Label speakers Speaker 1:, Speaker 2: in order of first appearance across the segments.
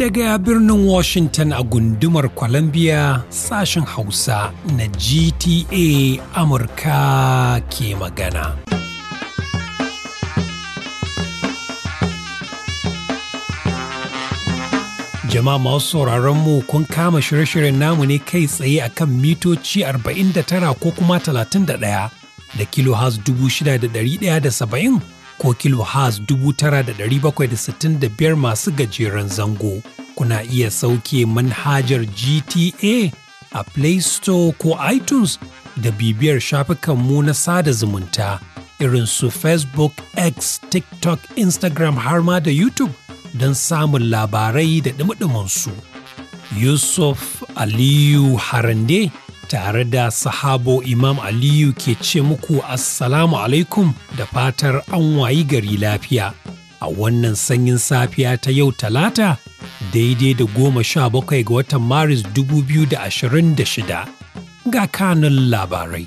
Speaker 1: Daga birnin Washington a gundumar Columbia sashen Hausa na GTA Amurka ke magana. Jama'a masu sauraron mu kun kama shirye-shiryen namu ne kai tsaye a kan mitoci 49 ko kuma 31 da da 6,170 ko kilo has 9,765 masu gajeren zango. Kuna iya sauke manhajar GTA a Play Store ko iTunes da bibiyar shafukanmu na sada zumunta irin su Facebook, X, TikTok, Instagram har ma da YouTube don samun labarai da ɗumi Yusuf Aliyu Harande tare da sahabo Imam Aliyu ke ce muku Assalamu alaikum da fatar an wayi gari lafiya. A wannan sanyin safiya ta yau talata daidai da goma sha bakwai ga watan Maris dubu biyu da ashirin da shida, ga kanun
Speaker 2: labarai.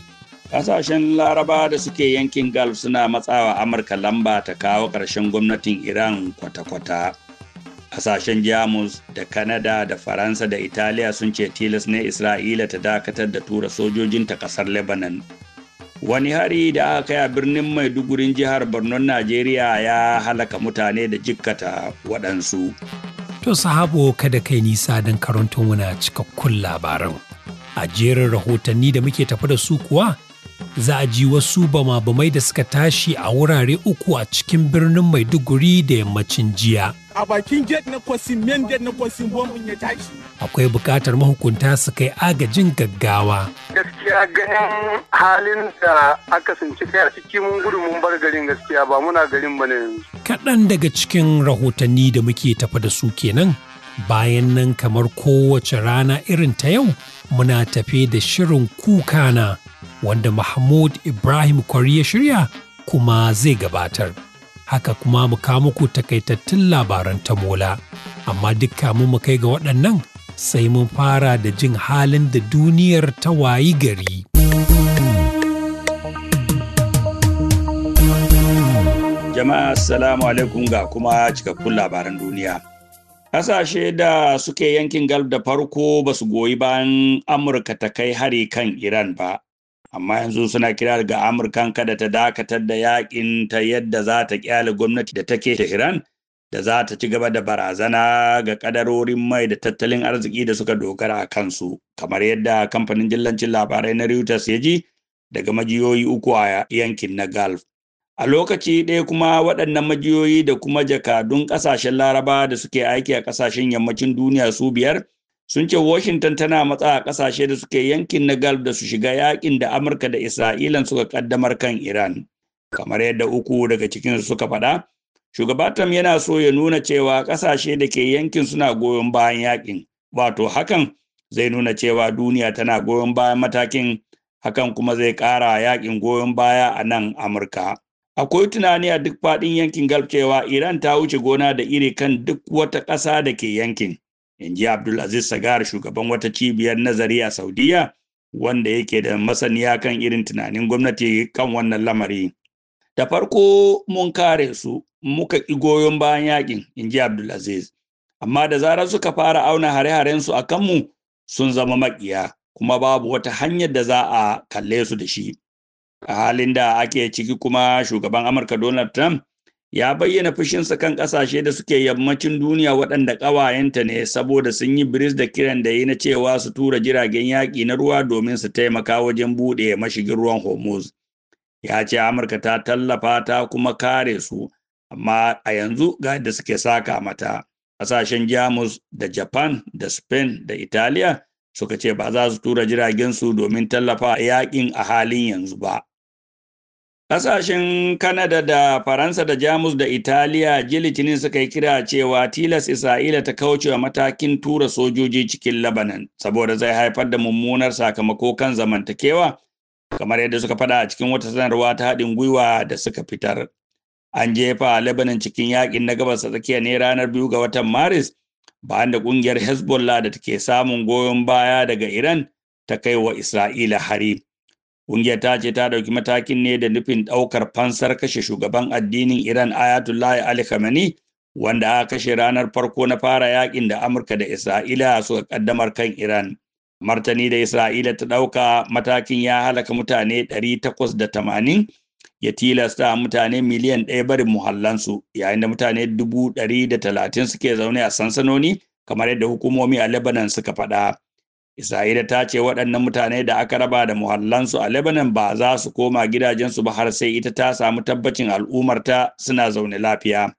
Speaker 2: Kasashen Laraba da suke yankin Gulf suna matsawa Amurka lamba ta kawo ƙarshen gwamnatin Iran kwata-kwata. Hasashen Jamus da Kanada da Faransa da Italiya sun ce tilas ne Isra'ila ta dakatar da tura sojojinta ƙasar Lebanon. Wani hari da aka kai a birnin Maidugurin jihar Borno Najeriya ya halaka mutane da jikkata waɗansu.
Speaker 1: To sahabo kada kai nisa don karanto muna cikakkun labaran. A jerin rahotanni da muke tafi da su kuwa za a ji wasu bama-bamai da suka tashi a wurare uku a cikin birnin maiduguri da yammacin jiya
Speaker 3: a bakin gate na kwasin main gate na kwasin
Speaker 4: bombin ya tashi
Speaker 1: akwai bukatar mahukunta su kai agajin gaggawa
Speaker 4: gaskiya ganin halin da aka sunci kai a cikin gudun mun bar garin gaskiya ba muna garin bane
Speaker 1: kaɗan daga cikin rahotanni da muke tafa da su kenan bayan nan kamar kowace rana irin ta yau muna tafe da shirin kuka na wanda Mahmud Ibrahim Kwari ya shirya kuma zai gabatar. Haka kuma mu kawo muku takaitattun labaran ta mola, amma dukka mu mu ga waɗannan sai mun fara da jin halin da duniyar ta wayi gari.
Speaker 2: Jama'a Assalamu alaikum ga kuma cikakkun labaran duniya. Ƙasashe da suke yankin galb da farko ba su goyi bayan Amurka ta kai hari kan Iran ba, amma yanzu suna kira ga amurkan kada ta dakatar da yakin ta yadda za ta kyale gwamnati da take tehran da za ta ci gaba da barazana ga kadarorin mai da tattalin arziki da suka dogara a kansu kamar yadda kamfanin jillancin labarai na reuters ya ji daga majiyoyi uku a yankin na gulf a lokaci ɗaya kuma waɗannan majiyoyi da kuma jakadun ƙasashen laraba da suke aiki a ƙasashen yammacin duniya su biyar sun ce washington tana matsa a ƙasashe da suke yankin na gulf da su shiga yakin da amurka da Isra'ila suka ƙaddamar kan iran kamar yadda uku daga cikin suka faɗa shugaba tam yana so ya nuna cewa ƙasashe da ke yankin suna goyon bayan yakin wato hakan zai nuna cewa duniya tana goyon bayan matakin hakan kuma zai ƙara yakin goyon baya a nan amurka akwai tunani a duk faɗin yankin gulf cewa iran ta wuce gona da iri kan duk wata ƙasa da ke yankin in ji abdulaziz sagar shugaban wata cibiyar nazari a saudiya wanda yake da masaniya kan irin tunanin gwamnati kan wannan lamari da farko mun kare su muka ƙi goyon bayan yakin in ji aziz amma da zarar suka fara auna hare-harensu a kanmu sun zama maƙiya kuma babu wata hanyar da za a kalle su da shi a halin da ake ciki kuma shugaban amurka donald trump ya bayyana fushinsa kan ƙasashe da suke yammacin duniya waɗanda ƙawayenta ne saboda sun yi biris da kiran da yi na cewa su tura jiragen yaƙi na ruwa domin su taimaka wajen buɗe mashigin ruwan hormuz ya ce amurka ta tallafa ta kuma kare su amma a yanzu ga da suke saka mata ƙasashen jamus da japan da spain da italiya suka ce ba za su tura jiragen su domin tallafa yaƙin a halin yanzu ba Ƙasashen Kanada da Faransa da Jamus da Italiya ji litinin suka yi kira cewa tilas Isra'ila ta kaucewa matakin tura sojoji cikin Lebanon saboda zai haifar da mummunar sakamako kan zamantakewa, kamar yadda suka faɗa a cikin wata sanarwa ta haɗin gwiwa da suka fitar. An jefa Lebanon cikin yaƙin na gabas tsakiya ne ranar biyu ga watan Maris, bayan da ƙungiyar Hezbollah da take samun goyon baya daga Iran ta kai wa Isra'ila hari. Ƙungiyar ta ce ta ɗauki matakin ne da nufin ɗaukar fansar kashe shugaban addinin Iran Ayatollah Ali Khamenei wanda aka kashe ranar farko na fara yakin da Amurka da Isra'ila suka ƙaddamar kan Iran. Martani da Isra'ila ta ɗauka matakin ya halaka mutane 880 ya tilasta mutane miliyan ɗaya barin muhallansu yayin da mutane 130 suke zaune a sansanoni kamar yadda hukumomi a Lebanon suka faɗa. Isra'ila ta ce waɗannan mutane da aka raba da muhallansu a Lebanon ba za su koma gidajensu ba har sai ita ta samu tabbacin al'ummarta suna zaune lafiya.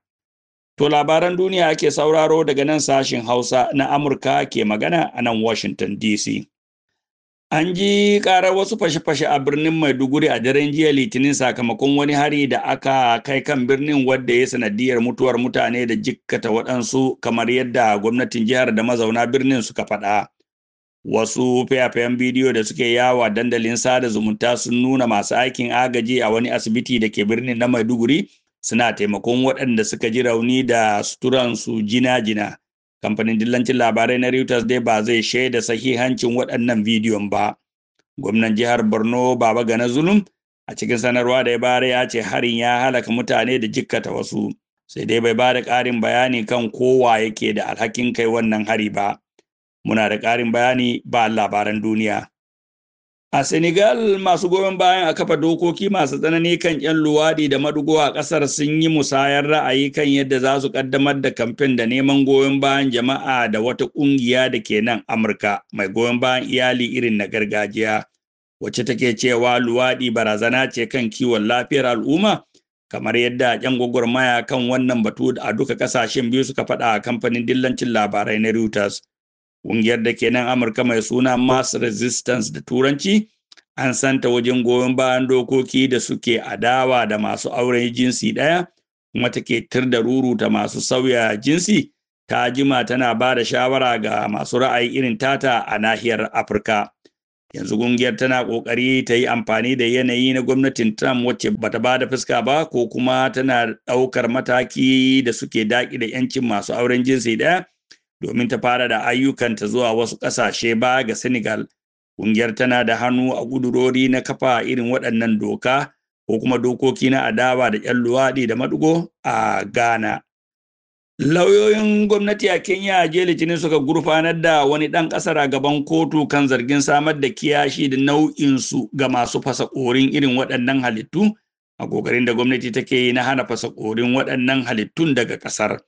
Speaker 2: To labaran duniya ake sauraro daga nan sashin Hausa na Amurka ke magana a nan Washington DC. An ji ƙarar wasu fashe-fashe a birnin Maiduguri a daren jiya Litinin sakamakon wani hari da aka kai kan birnin wadda ya sanadiyar mutuwar mutane da jikkata waɗansu kamar yadda gwamnatin jihar da mazauna birnin suka faɗa. wasu fayafayen bidiyo da suke yawa dandalin sada zumunta sun nuna masu aikin agaji a wani asibiti da ke birnin na maiduguri suna taimakon waɗanda suka ji rauni da suturansu jina-jina kamfanin dillancin labarai na reuters dai ba zai shaida sahihancin waɗannan bidiyon ba gwamnan jihar borno baba gana zulum a cikin sanarwa da ya bara ya ce harin ya halaka mutane da jikkata wasu sai dai bai ba da ƙarin bayani kan kowa yake da alhakin kai wannan hari ba Muna da ƙarin bayani ba labaran duniya. A Senegal masu goyon bayan a kafa dokoki masu tsanani kan 'yan luwaɗi da madugo a ƙasar sun yi musayar ra'ayi kan yadda za su ƙaddamar da kamfen da neman goyon bayan jama'a da wata ƙungiya da ke nan Amurka mai goyon bayan iyali irin na gargajiya, wacce take cewa luwaɗi barazana ce kan kiwon lafiyar al'umma, kamar yadda 'yan gwagwarmaya kan wannan batu a duka ƙasashen biyu suka faɗa a kamfanin dillancin labarai na Reuters. Ƙungiyar da ke nan Amurka mai suna Mass Resistance da Turanci, an santa wajen goyon bayan dokoki da suke adawa da masu auren jinsi ɗaya, kuma take tir da ruruta masu sauya jinsi, ta jima tana ba da shawara ga masu ra'ayi irin tata a nahiyar Afirka. yanzu ƙungiyar tana kokari ta yi amfani da yanayi na gwamnatin Trump wacce bata ba da fuska ba ko kuma tana ɗaukar mataki da suke daƙi da yancin masu auren jinsi ɗaya domin ta fara da ayyukanta zuwa wasu ƙasashe ba ga Senegal. Ƙungiyar tana da hannu a gudurori na kafa irin waɗannan doka ko kuma dokoki na adawa da ƴan luwaɗi da maɗigo a Ghana. Lauyoyin gwamnati a Kenya je Litinin suka gurfanar da wani ɗan ƙasar a gaban kotu kan zargin samar da kiyashi da nau'insu ga masu fasa ƙorin irin waɗannan halittu a ƙoƙarin da gwamnati take yi na hana fasa ƙorin waɗannan halittun daga ƙasar.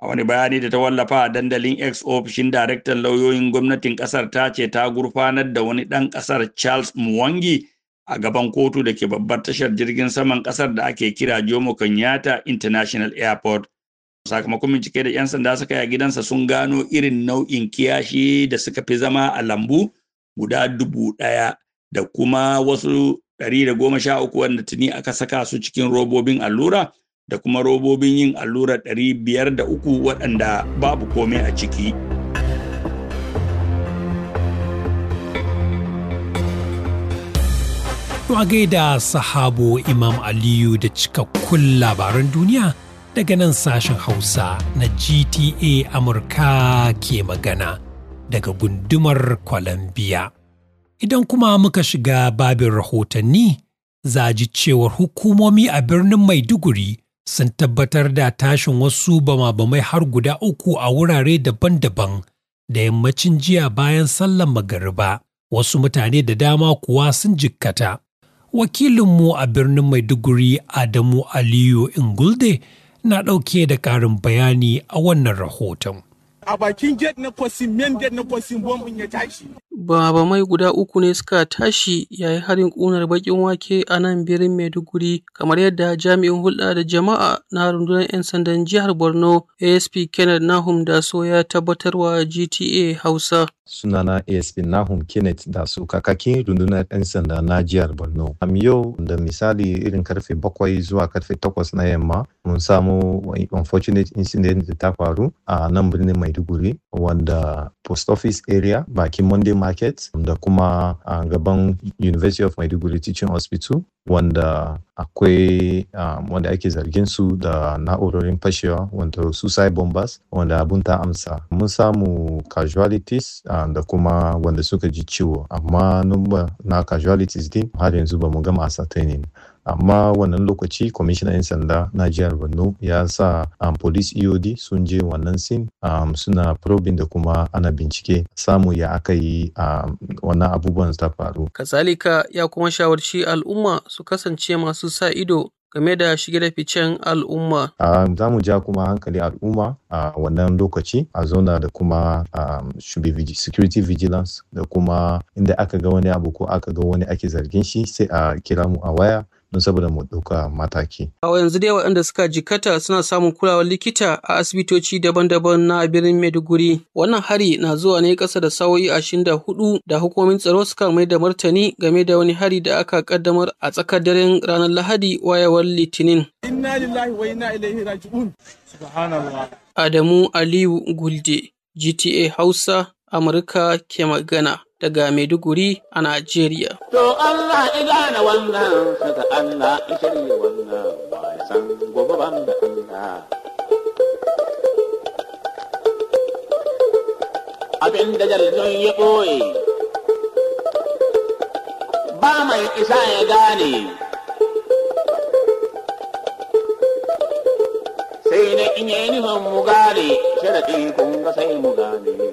Speaker 2: A wani bayani da ta wallafa a dandalin X ofishin daraktan lauyoyin gwamnatin kasar ta ce ta gurfanar da wani ɗan kasar Charles Mwangi a gaban kotu da ke babbar tashar jirgin saman kasar da ake kira Jomo Kenyatta International Airport. Sakamakon bincike da 'yan sanda suka yi a gidansa sun gano irin nau'in kiyashi da suka fi zama a lambu guda dubu ɗaya da kuma wasu ɗari da goma sha wanda tuni aka saka su cikin robobin allura. da kuma robobin yin allurar uku waɗanda babu komai a ciki.
Speaker 1: To a gaida sahabo Imam Aliyu da cikakkun labaran duniya daga nan sashen Hausa na GTA Amurka ke magana daga gundumar Columbia. Idan kuma muka shiga babin rahotanni, za ji cewar hukumomi a birnin Maiduguri sun tabbatar da tashin wasu bama-bamai har guda uku a wurare daban-daban da yammacin jiya bayan sallar magariba wasu mutane da dama kuwa sun jikkata wakilinmu a birnin maiduguri adamu aliyu ingulde na ɗauke da ƙarin bayani a wannan rahoton
Speaker 3: a bakin gate na kwasin main gate na kwasin bombin ya tashi.
Speaker 1: Baba mai
Speaker 5: guda uku ne suka tashi yayin harin ƙunar bakin wake a nan birnin Maiduguri kamar yadda jami'in hulɗa da jama'a na rundunar 'yan sandan jihar Borno ASP Kenneth Nahum Daso ya tabbatarwa GTA Hausa.
Speaker 6: Sunana ASP Nahum Kenneth Daso kakakin rundunar 'yan sanda na jihar Borno. Am yau da misali irin karfe bakwai zuwa karfe takwas na yamma mun samu unfortunate incident da ta faru a nan birnin Maiduguri wanda post office area bakin Monday market da kuma a gaban University of Maiduguri Teaching Hospital wanda akwai um, wanda ake zargin su da na'urorin fashewa wanda suicide bombers wanda abun ta amsa mun samu casualties da kuma wanda suka ji ciwo amma numba na casualties din har yanzu ba mu gama ascertaining amma wannan lokaci kwamishinan 'yan sanda na jihar borno ya sa um, police eod sun je wannan sin um, suna probing da kuma ana bincike samu ya aka yi um, wannan abubuwan ta faru
Speaker 5: kazalika ya kuma shawarci al'umma su kasance masu sa ido game da shige da ficen al'umma.
Speaker 6: Um, za mu ja kuma hankali al'umma a wannan lokaci a zona da kuma um, security vigilance da kuma inda aka ga wani abu ko aka ga wani ake zargin shi sai a kira mu a waya don saboda mu ɗauka mataki.
Speaker 5: A yanzu dai waɗanda suka jikata suna samun kulawar likita a asibitoci daban-daban na birnin Maiduguri. Wannan hari na zuwa ne ƙasa da sa'o'i ashirin da hudu da hukumomin tsaro suka mai da martani game da wani hari da aka kaddamar a tsakar daren ranar Lahadi wayewar Litinin.
Speaker 4: Inna lillahi wa inna ilaihi raji'un. Subhanallah.
Speaker 5: Adamu Aliyu Gulde, GTA Hausa, Amurka ke magana. daga Maiduguri a Najeriya.
Speaker 4: To
Speaker 7: Allah idana wannan saka Allah ishirye wannan ba ya san gobe ban da Allah. Abin da jaridun ya ɓoye ba mai isa ya gane sai na inye nufin mu gane sharaɗi kun ga sai mu gane.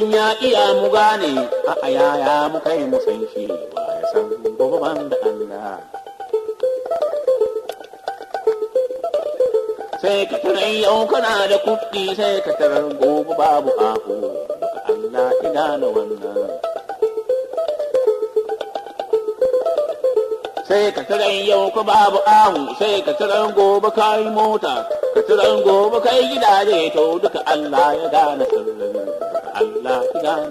Speaker 7: in ya iya mu gane a ayaya mu kai mu san shi ba ya san gobe da Allah sai ka tara yau kana da kuɗi sai ka tara gobe babu ahu Ka Allah ina da wannan sai ka tara yau ka babu ahu sai ka tara gobe kai mota ka tara gobe kai gidaje to duka Allah ya gane Allah Allah.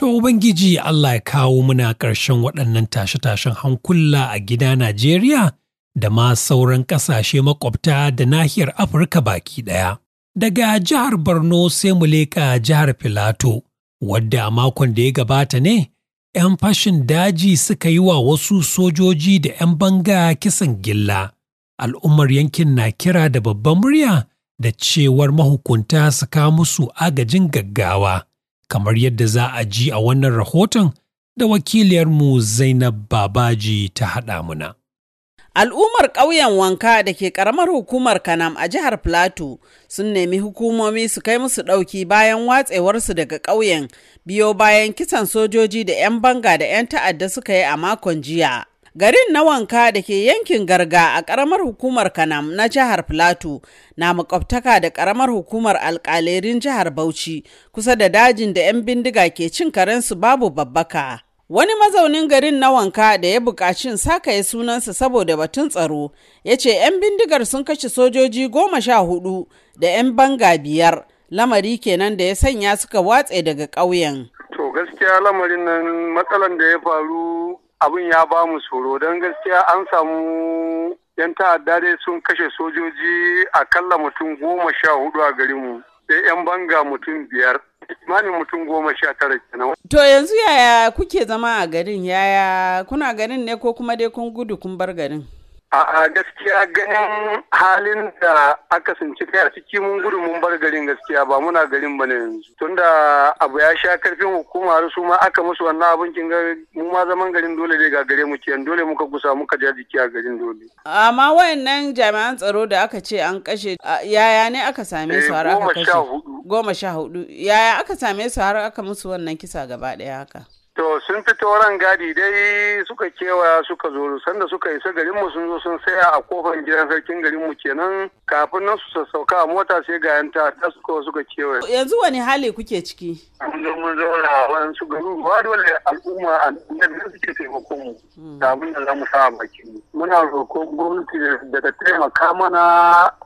Speaker 1: To Ubangiji Allah ya kawo muna ƙarshen waɗannan tashe-tashen hankula a gida Najeriya da ma sauran ƙasashe makwabta da nahiyar Afirka baki ɗaya. Daga jihar Borno sai mu leƙa jihar Filato, wadda a makon da ya gabata ne, 'yan fashin daji suka yi wa wasu sojoji da 'yan banga kisan gilla al'ummar yankin na kira da babban murya da cewar mahukunta su kawo musu agajin gaggawa kamar yadda za a ji a wannan rahoton da wakiliyarmu Zainab Babaji ta haɗa muna.
Speaker 8: Al'ummar ƙauyen wanka da ke ƙaramar hukumar Kanam a jihar Plateau sun nemi hukumomi su kai musu ɗauki bayan watsewarsu daga ƙauyen biyo bayan kisan sojoji da 'yan banga da 'yan ta'adda suka yi a makon jiya. Garin na wanka da ke yankin garga a karamar hukumar Kanam na jihar Filato na makwabtaka da karamar hukumar alkalerin jihar Bauchi kusa da dajin da 'yan bindiga ke cin karensu babu babbaka. Wani mazaunin garin na wanka da ya buƙaci sa-ka-ya sunansa saboda batun tsaro ya ce 'yan bindigar sun kashe sojoji goma sha hudu da 'yan banga biyar lamari kenan da ya sanya suka watse daga ƙauyen.
Speaker 4: To gaskiya lamarin nan matsalan da ya faru abin ya ba mu tsoro don gaskiya an samu yan ta'adda dai sun kashe sojoji akalla mutum goma sha hudu a garinmu sai yan banga mutum biyar imanin mutum goma sha tara kenan.
Speaker 8: To yanzu yaya kuke zama a garin yaya kuna garin ne ko kuma dai kun gudu kun bar garin?
Speaker 4: A gaskiya ganin halin da aka sunci kai a ciki mun gudu mun bar garin gaskiya ba muna garin bane yanzu. Tunda abu ya sha karfin hukuma har su ma aka musu wannan abin kin ga mu ma zaman garin dole dai ga gare mu kiyan dole muka gusa muka ja jiki a garin dole.
Speaker 8: Amma wayannan jami'an tsaro da aka ce an kashe yaya ne aka same su har eh, aka kashe? Goma sha hudu. Yaya aka same su har aka musu wannan kisa gaba daya haka?
Speaker 4: To sun fito ran gadi dai suka kewa suka zo sanda suka isa garin mu sun zo sun saya a kofar gidan sarkin garin mu kenan kafin nan su sassauka a mota sai ga yanta ta suka suka kewa Yanzu
Speaker 8: wani hali kuke ciki?
Speaker 4: Mun zo mun wani su garu ba dole al'umma a nan suke taimakon mu hmm. da abin da za mu sa a Muna roƙon gwamnati da taimaka mana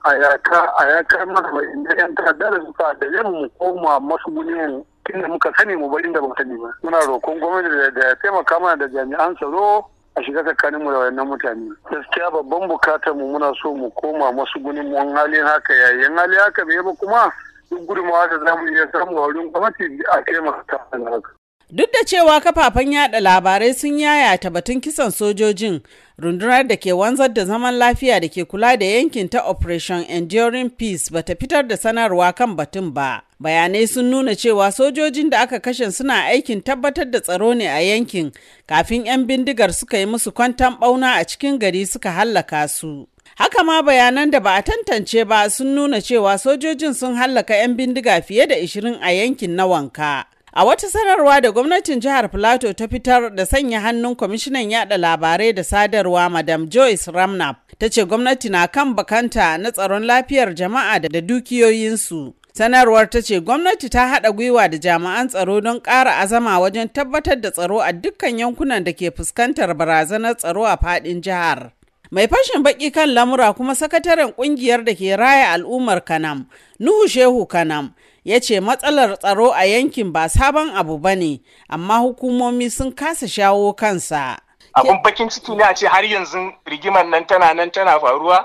Speaker 4: a yaka a yaka mana wa'inda yan ta'adda da suka da mu koma masu gudunmu inda muka sani mu bari inda ba nema sani muna roƙon gwamnati da ya taimaka mana da jami'an tsaro a shiga tsakanin mu da wayannan mutane gaskiya babban bukatar mu muna so mu koma masu gunin mu halin haka yayin hali haka bai ba kuma duk gudunmawa da zamu iya samu a wurin gwamnati a taimaka ta haka
Speaker 8: Duk da cewa kafafen yada labarai sun yayata batun kisan sojojin, rundunar da ke wanzar da zaman lafiya da ke kula da yankin ta operation enduring peace bata fitar da sanarwa kan batun ba bayanai sun nuna cewa sojojin da aka kashe suna aikin tabbatar da tsaro ne a yankin kafin 'yan bindigar suka yi musu kwantan bauna a cikin gari suka hallaka su haka ma bayanan da ba a tantance ba sun nuna cewa sojojin sun hallaka 'yan bindiga fiye da 20 a yankin na wanka A wata sanarwa da gwamnatin jihar Plateau ta fitar da sanya hannun kwamishinan yada labarai da sadarwa Madam Joyce Ramnap ta ce gwamnati na kan bakanta na tsaron lafiyar jama'a da dukiyoyinsu. Sanarwar ta ce gwamnati ta haɗa gwiwa da jami'an tsaro don ƙara azama wajen tabbatar da tsaro a dukkan yankunan da ke fuskantar barazanar tsaro a faɗin jihar. Mai fashin baƙi kan lamura kuma sakataren ƙungiyar da ke raya al'ummar Kanam, Nuhu Shehu Kanam, ya ce matsalar tsaro a yankin ba sabon abu ba ne amma hukumomi sun kasa shawo kansa abin bakin ciki
Speaker 3: ne a ce har yanzu rigimar nan tana nan tana faruwa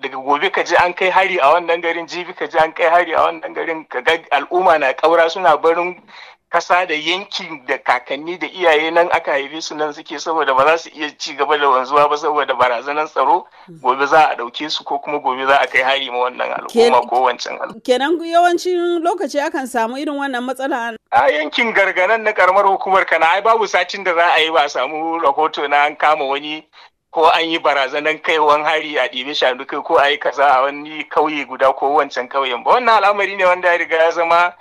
Speaker 3: daga gobe ka ji an kai hari a wannan garin jibi ka ji an kai hari a wannan garin ka ga al'umma na kaura suna barin kasa da yankin da kakanni da iyaye nan aka haife su nan suke saboda ba za su iya ci gaba da wanzuwa ba saboda barazanar tsaro hmm. gobe za a ɗauke su ko kuma gobe za a kai hari ma wannan al'umma ko wancan al'umma.
Speaker 8: Kenan yawancin lokaci akan samu irin wannan matsala.
Speaker 3: A yankin garganan na karamar hukumar kana ai babu satin da za a yi ba a samu rahoto na an kama wani ko an yi barazanan kaiwan hari a ɗibe shanu ko a yi kaza a wani kauye guda ko wancan kauyen ba wannan al'amari ne wanda ya riga ya zama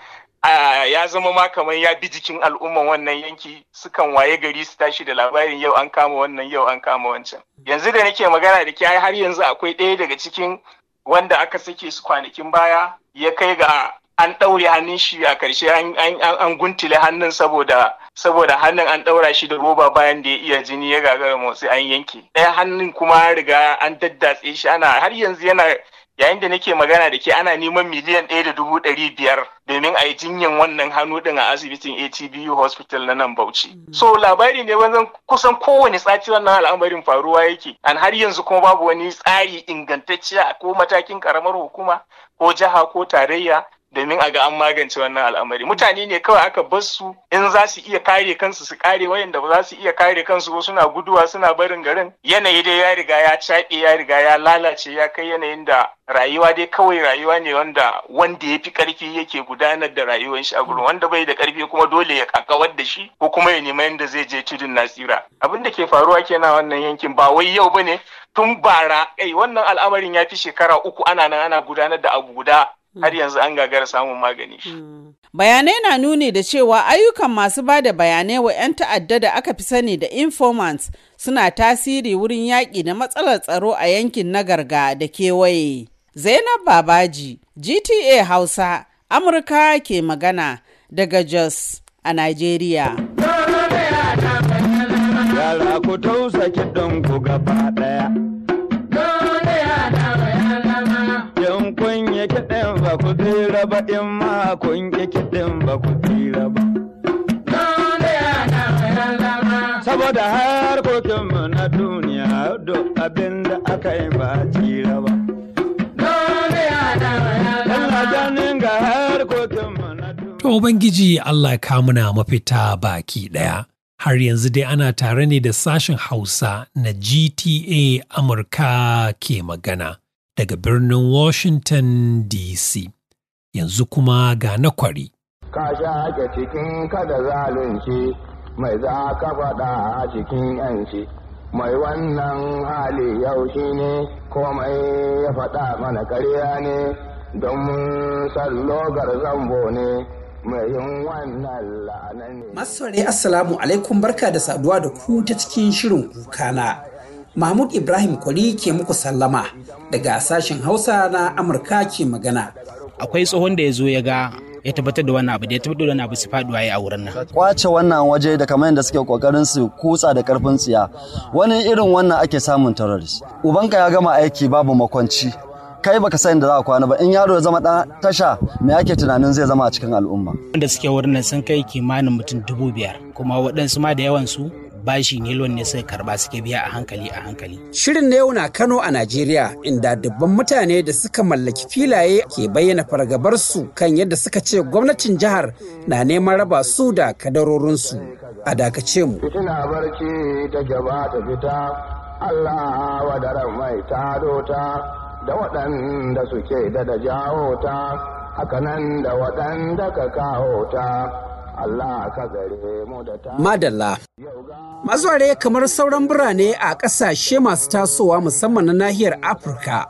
Speaker 3: ya zama ma kamar ya bi jikin al'umman wannan yanki sukan waye gari su tashi da labarin yau an kama wannan yau an kama wancan yanzu da nake magana da kyai har yanzu akwai ɗaya daga cikin wanda aka sake su kwanakin baya ya kai ga an ɗaure hannun shi a ƙarshe an guntule hannun saboda saboda hannun an ɗaura shi da roba bayan da ya iya jini ya gagara motsi an yanke ɗaya hannun kuma riga an daddatse shi ana har yanzu yana yayin da nake magana da ke ana neman miliyan ɗaya da dubu ɗari biyar domin a yi jinyan wannan hannu ɗin a asibitin ATBU hospital na nan Bauchi. Mm. So labari ne wanzan kusan kowane tsaci wannan al'amarin faruwa yake an har yanzu kuma babu wani tsari ingantacciya ko matakin karamar hukuma ko jiha ko tarayya domin a ga an magance wannan al'amari mutane ne kawai aka bar su in za su iya kare kansu su kare wayanda ba za su iya kare kansu ba suna guduwa suna barin garin yanayi dai ya riga ya caɓe ya riga ya lalace ya kai yanayin da rayuwa dai kawai rayuwa ne wanda wanda ya fi ƙarfi yake gudanar da rayuwar shi a gurin wanda bai da ƙarfi kuma dole ya kakawar da shi ko kuma ya nema yadda zai je tudun nasira abin da ke faruwa kenan wannan yankin ba wai yau bane tun bara kai wannan al'amarin ya fi shekara uku ana nan ana gudanar da abu guda har yanzu an gagara samun magani hmm.
Speaker 8: Bayanai na nuni da cewa ayyukan masu ba da bayanai wa 'yan ta'adda da aka fi sani da informants suna tasiri wurin yaƙi da matsalar tsaro a yankin na garga da kewaye. Zainab Babaji, GTA Hausa, Amurka ke magana daga Jos a Nigeria.
Speaker 9: Yara ku tausa kiɗan ku gaba ɗaya.
Speaker 10: ba ku tsira ba in ma kun ƙi kiɗin ba ku tsira ba. Saboda har mu na duniya do abin aka yi ba tsira ba.
Speaker 1: To Ubangiji Allah ya kamuna mafita baki ɗaya. Har yanzu dai ana tare ne da sashen Hausa na GTA Amurka ke magana. daga birnin Washington DC. Yanzu kuma ga na kwari.
Speaker 11: Ka sha ake cikin kada zalunci mai za ka faɗa a cikin yanci. Mai wannan hali yau shi ne komai ya faɗa mana karya ne don sallogar zambo ne mai yin wannan
Speaker 12: assalamu alaikum barka da saduwa da ku ta cikin shirin kukana. Mahmud Ibrahim Kwali ke muku sallama
Speaker 13: daga sashen Hausa na Amurka ke magana. Akwai tsohon da ya zo ya ga ya tabbatar da wani abu da ya tabbatar da wani abu su faduwa ya a wurin nan.
Speaker 9: Kwace wannan waje da kamar yadda suke kokarin su kutsa da karfin tsiya. Wani irin wannan ake samun terrorist. Ubanka ya gama aiki babu makwanci. kai baka san da za a kwana ba in yaro ya zama ɗan tasha me ake tunanin zai zama a cikin al'umma.
Speaker 13: Wanda suke wurin nan sun kai kimanin mutum dubu biyar kuma waɗansu ma da yawan su bashi ne lon ne suka karba suke biya a hankali a hankali.
Speaker 12: Shirin na yau na Kano a Najeriya inda dubban mutane da suka mallaki filaye ke bayyana fargabarsu kan yadda suka ce gwamnatin jihar na neman raba su da kadarorin su a dakace mu.
Speaker 11: Fitina barci ta gaba ta fita Allah wadaran mai ta da waɗanda suke da da jawo ta hakanan da waɗanda ka kawo ta.
Speaker 12: Madala. ka da kamar sauran birane a ƙasashe masu tasowa musamman na nahiyar Afirka.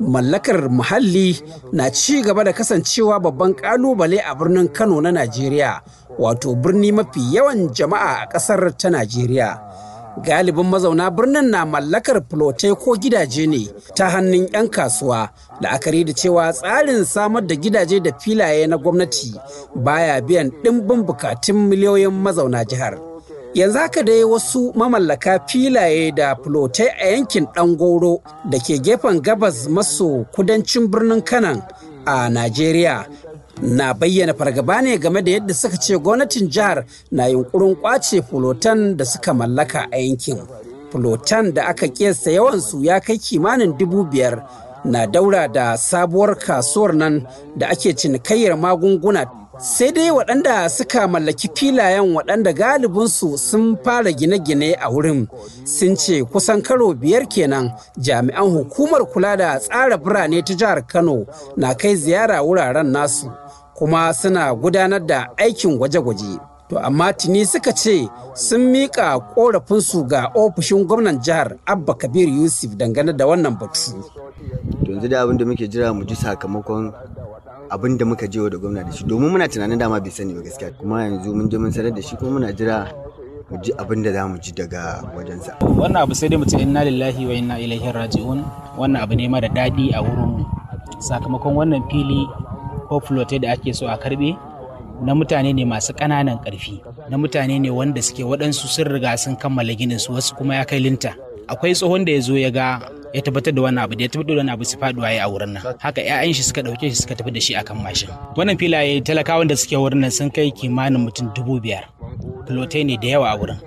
Speaker 12: Mallakar muhalli na ci gaba da kasancewa babban ƙalubale a birnin Kano na Najeriya, wato birni mafi yawan jama'a a ƙasar ta Najeriya. galibin mazauna birnin na mallakar filote ko gidaje ne ta hannun 'yan kasuwa la'akari da cewa tsarin samar da gidaje da filaye na gwamnati baya biyan ɗimbin bukatun miliyoyin mazauna jihar yanzu haka dai wasu mamallaka filaye da filotai a yankin ɗangoro da ke gefen gabas maso kudancin birnin kanan a najeriya na bayyana fargaba ne game da yadda suka ce gwamnatin jihar na yunkurin kwace fulotan da suka mallaka a yankin fulotan da aka yawan yawansu ya kai kimanin dubu biyar na daura da sabuwar kasuwar nan da ake cinikayyar magunguna sai dai waɗanda suka mallaki filayen waɗanda galibinsu sun fara gine-gine a wurin sun ce kusan karo biyar kenan jami'an hukumar kula da tsara birane ta jihar kano na kai ziyara wuraren nasu kuma suna gudanar da aikin gwaje-gwaje. To amma tuni suka ce sun miƙa ƙorafinsu ga ofishin gwamnan jihar Abba Kabir Yusuf dangane da wannan batu.
Speaker 9: yanzu da abin da muke jira mu ji sakamakon abin da muka jewa da gwamna da shi domin muna tunanin dama bai sani ba gaskiya kuma yanzu mun je mun sanar da shi kuma muna jira mu ji abin da za mu ji daga wajensa.
Speaker 13: Wannan abu sai dai mu ce inna lillahi wa inna ilaihi raji'un wannan abu ne mara daɗi a wurin sakamakon wannan fili ko flote da ake so a karbe na mutane ne masu ƙananan ƙarfi na mutane ne wanda suke waɗansu sun riga sun kammala ginin su wasu kuma ya kai linta akwai tsohon da ya zo ya ga ya tabbatar da wani abu da ya tabbatar da wani abu su faduwa ya a wurin nan haka ƴaƴan shi suka ɗauke shi suka tafi da shi akan mashin wannan filaye talakawan da suke wurin nan sun kai kimanin mutum dubu biyar filotai ne da yawa a wurin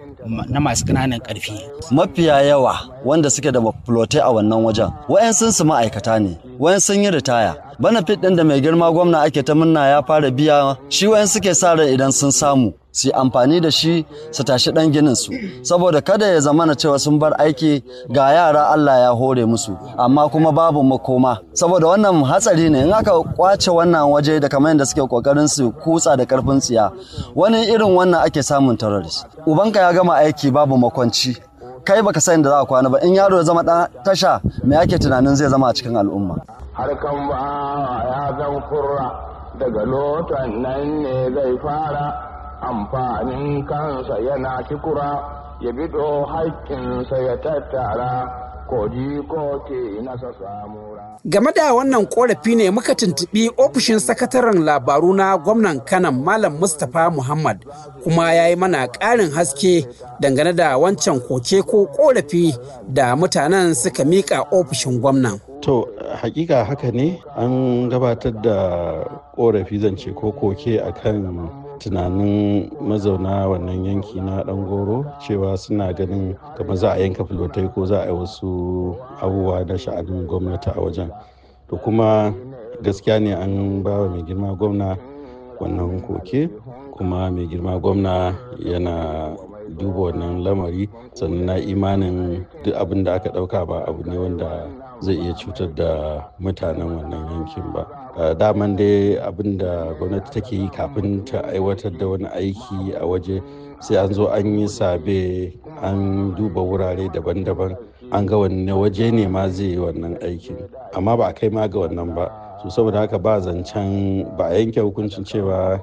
Speaker 13: na masu
Speaker 9: ƙananan ƙarfi. Mafiya yawa wanda suke da fulotai a wannan wajen, sun su ma'aikata ne, wayan sun yi ritaya benefit ɗin da mai girma gwamna ake ta munna ya fara biya shi wayan suke sa rai idan sun samu su amfani da shi su tashi ɗan ginin su saboda kada ya zamana cewa sun bar aiki ga yara Allah ya hore musu amma kuma babu makoma saboda wannan hatsari ne in aka kwace wannan waje da kamar yadda suke kokarin su kutsa da karfin tsiya wani irin wannan ake samun terrorist ubanka ya gama aiki babu makwanci kai baka san da za a kwana ba in yaro ya zama tasha me ake tunanin zai zama a cikin al'umma
Speaker 11: harkan ba ya zan kurra daga lotan nan ne zai fara amfanin kansa yana kikura ya bido haƙƙinsa ya tattara
Speaker 12: Game da wannan korafi ne muka tuntuɓi ofishin sakataren labaru na gwamnan kanan Malam Mustapha Muhammad kuma ya yi mana ƙarin haske dangane da wancan koke ko korafi da mutanen suka miƙa ofishin gwamnan. To,
Speaker 10: hakika haka ne an gabatar da korafi zance ko koke a kan tunanin mazauna wannan yanki na dan goro cewa suna ganin kama za a yanka filotai ko za a yi wasu abubuwa na sha'anin gwamnati a wajen to kuma gaskiya ne an bawa mai girma gwamna wannan koke kuma mai girma gwamna yana duba wannan lamari sannan na imanin duk abin da aka ɗauka ba abu ne wanda zai iya cutar da mutanen wannan yankin ba Eh, daman dai abin da gwamnati take yi kafin ta aiwatar da wani aiki a waje sai an zo an yi sabe an duba wurare daban-daban an ga wanne waje ne ma zai yi wannan aiki amma ba a kai ma ga wannan ba su saboda haka ba zancen ba a yanke hukuncin cewa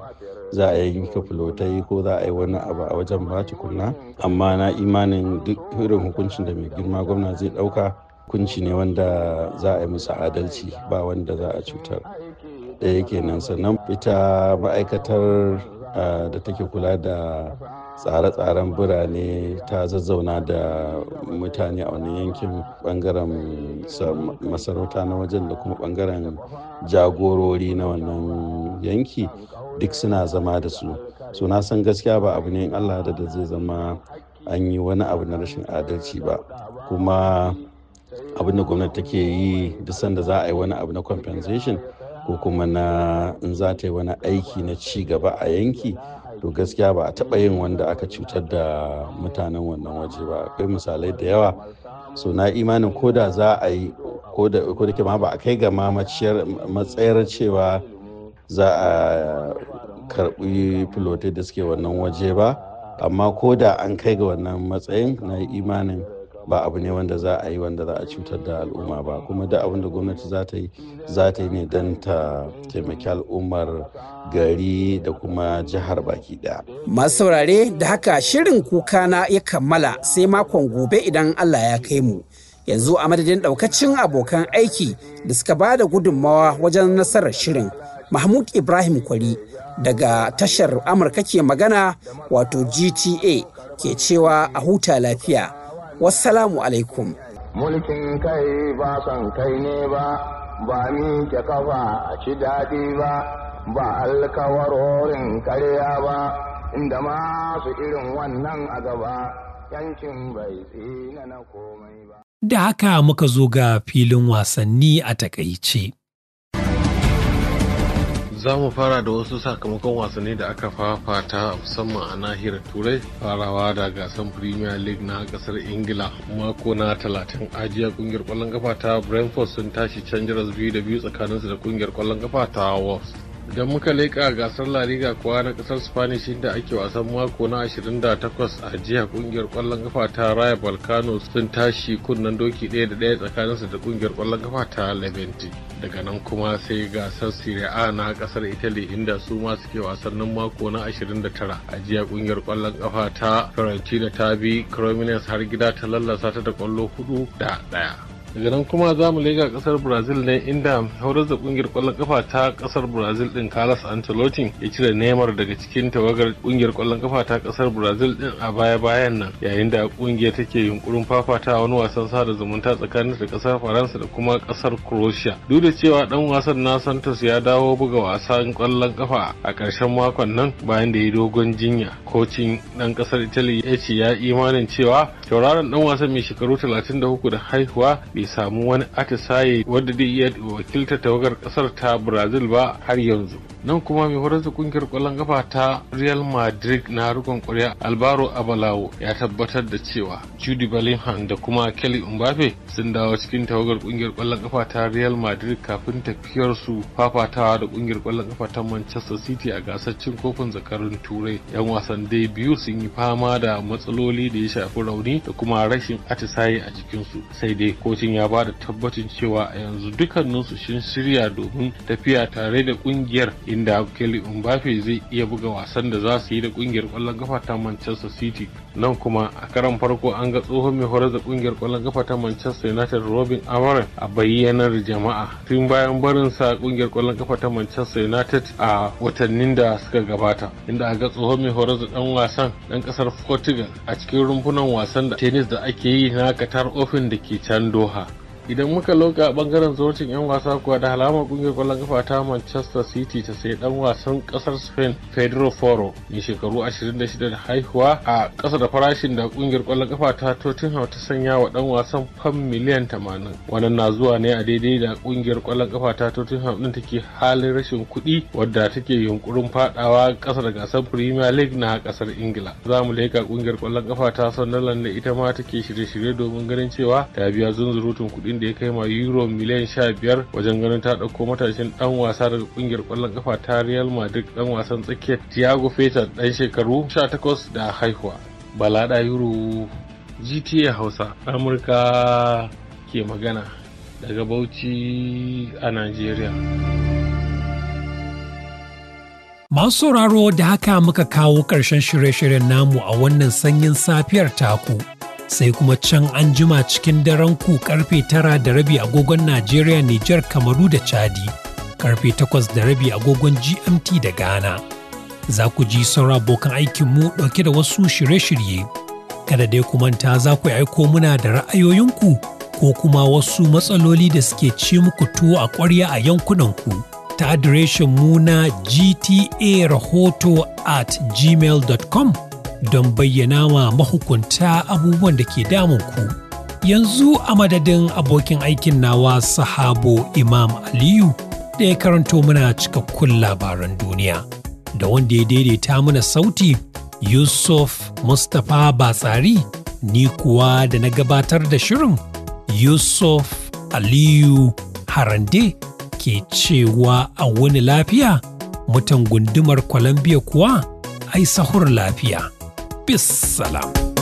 Speaker 10: za a yanke fulotai ko za a yi wani abu a wajen ba tukunna amma na imanin duk irin hukuncin da mai girma gwamna zai ɗauka hukunci ne wanda za a yi musu adalci ba wanda za a cutar ɗaya kenan sannan ita ma'aikatar ah, da take kula da tsare-tsaren birane ta zazzauna da mutane a wani yankin bangaren masarauta na wajen da kuma bangaren jagorori na wannan yanki duk suna zama da su so san gaskiya ba abu ne in allah da zai zama an yi wani abu na rashin adalci ba kuma abin da gwamnati take yi duk sanda za a yi wani abu na compensation ko kuma na in za ta yi wani aiki na ci gaba a yanki to gaskiya ba a taba yin wanda aka cutar da mutanen wannan waje ba akwai misalai da yawa so na imanin ko da za a yi ko da ke ma ba a kai ga matsayar cewa za a karbi filotai da suke wannan waje ba amma ko da an kai ga wannan matsayin na imanin ba abu ne wanda za a yi wanda za a cutar da al'umma ba kuma da abin da gwamnati za ta yi za ta yi ne don ta taimaki al'ummar gari da kuma jihar baki daya.
Speaker 12: masu saurare da haka shirin kuka na ya kammala sai makon gobe idan allah ya kai mu yanzu a madadin daukacin abokan aiki da suka ba da gudunmawa wajen nasarar shirin mahmud ibrahim kwari daga tashar amurka ke magana wato gta ke cewa a huta lafiya Wassalamu alaikum.
Speaker 11: Mulkin kai ba son kai ne ba, ba mi ke kafa a ci daɗi ba, ba alkawarorin karya ba, inda masu irin wannan a gaba, yankin bai tsina
Speaker 1: na komai ba. Da haka muka zo ga filin wasanni a takaice.
Speaker 14: za mu fara da wasu sakamakon wasanni da aka fafata musamman a nahiyar turai farawa da gasar premier league na kasar ingila mako na talatin ajiya kungiyar kwallon kafa ta brentford sun tashi can biyu da biyu tsakaninsu da kungiyar kwallon kafa ta wolves idan muka leƙa gasar la liga kuwa na kasar spanish inda ake wasan mako na 28 a jiya ƙungiyar kwallon kafa ta raya balkano sun tashi kunnen doki ɗaya da ɗaya tsakaninsu da kungiyar kwallon kafa ta leventi daga nan kuma sai gasar serie a na ƙasar italy inda su ma suke wasannin mako na 29 a jiya ƙungiyar kwallon kafa ta fiorentina ta bi cremonese har gida ta lallasa ta da kwallo hudu da ɗaya daga nan kuma za mu lega kasar brazil ne inda horar da kungiyar kwallon kafa ta kasar brazil din carlos ancelotti ya cire neymar daga cikin tawagar kungiyar kwallon kafa ta kasar brazil din a baya bayan nan yayin da kungiyar take yunkurin fafata wani wasan sada zumunta tsakanin da kasar faransa da kuma kasar croatia duk da cewa dan wasan na santos ya dawo buga wasan kwallon kafa a karshen makon nan bayan da ya dogon jinya kocin dan kasar italy ya ce ya imanin cewa tauraron ɗan wasan mai shekaru 33 da haihuwa bai samu wani atisaye wanda zai iya wakiltar tawagar ƙasar ta brazil ba har yanzu nan kuma mai horar da kungiyar kwallon kafa ta real madrid na rikon kwarya albaro abalawo ya tabbatar da cewa judy bellingham da kuma kelly umbafe sun dawo cikin tawagar kungiyar kwallon kafa ta real madrid kafin tafiyarsu fafatawa da kungiyar kwallon ƙafa ta manchester city a gasar cin kofin zakarun turai yan wasan dai biyu sun yi fama da matsaloli da ya shafi rauni da kuma rashin atisaye a jikinsu sai dai kotun ya ba da tabbacin cewa a yanzu dukkaninsu sun shirya domin tafiya tare da kungiyar inda kelly umbafe zai iya buga wasan da za su yi da kungiyar kwallon kafa ta manchester city nan kuma a karan farko an ga tsohon mai horar da kungiyar kwallon kafa ta manchester united robin amara a bayyanar jama'a tun bayan barin sa kungiyar kwallon kafa ta manchester united a watannin da suka gabata inda a ga tsohon mai horar da dan wasan dan kasar portugal a cikin rumfunan wasan tenis da ake yi na Qatar ofin da ke can Doha. idan muka loka bangaren zocin 'yan wasa kuwa da halama kungiyar kwallon kafa ta manchester city ta sai dan wasan kasar spain pedro foro mai shekaru 26 da haihuwa a kasa da farashin da kungiyar kwallon kafa ta tottenham ta sanya wa dan wasan fam miliyan 80 wannan na zuwa ne a daidai da kungiyar kwallon kafa ta tottenham din take halin rashin kuɗi wadda take yunkurin fadawa kasa da gasar premier league na kasar ingila za mu leka kungiyar kwallon kafa ta sunderland da ita ma take shirye-shirye domin ganin cewa ta biya zunzurutun kuɗi da ya kai ma euro miliyan sha biyar wajen ganin ta ɗauko matashin ɗan wasa daga ƙungiyar ƙwallon ƙafa ta Real Madrid ɗan wasan tsakiyar Thiago Feta ɗan shekaru sha 18 da haihuwa. Bala euro GTA Hausa Amurka ke magana daga Bauchi a nigeria.
Speaker 1: Masu sauraro da haka muka kawo ƙarshen shirye-shiryen namu a wannan sanyin safiyar taku sai kuma can anjima cikin daren ku karfe tara da rabi agogon Najeriya, Nijar, Kamaru da Chadi, karfe takwas da rabi agogon GMT da Ghana. Za ku ji sauran abokan aikinmu ɗauke da wasu shirye-shirye. Kada dai ku manta za ku aiko muna da ra'ayoyinku ko kuma wasu matsaloli da suke ci muku tuwo a ƙwarya a yankunanku. Ta adireshin mu na rahoto at gmail.com don bayyana ma mahukunta abubuwan da ke damun ku. Yanzu a madadin abokin aikin nawa sahabo Imam Aliyu da ya karanto muna cikakkun labaran duniya. Da wanda ya daidaita mana sauti Yusuf Mustapha Batsari ni kuwa da na gabatar da shirin Yusuf Aliyu Harande ke cewa a wani lafiya mutan gundumar Columbia kuwa ai sahur lafiya. بالسلام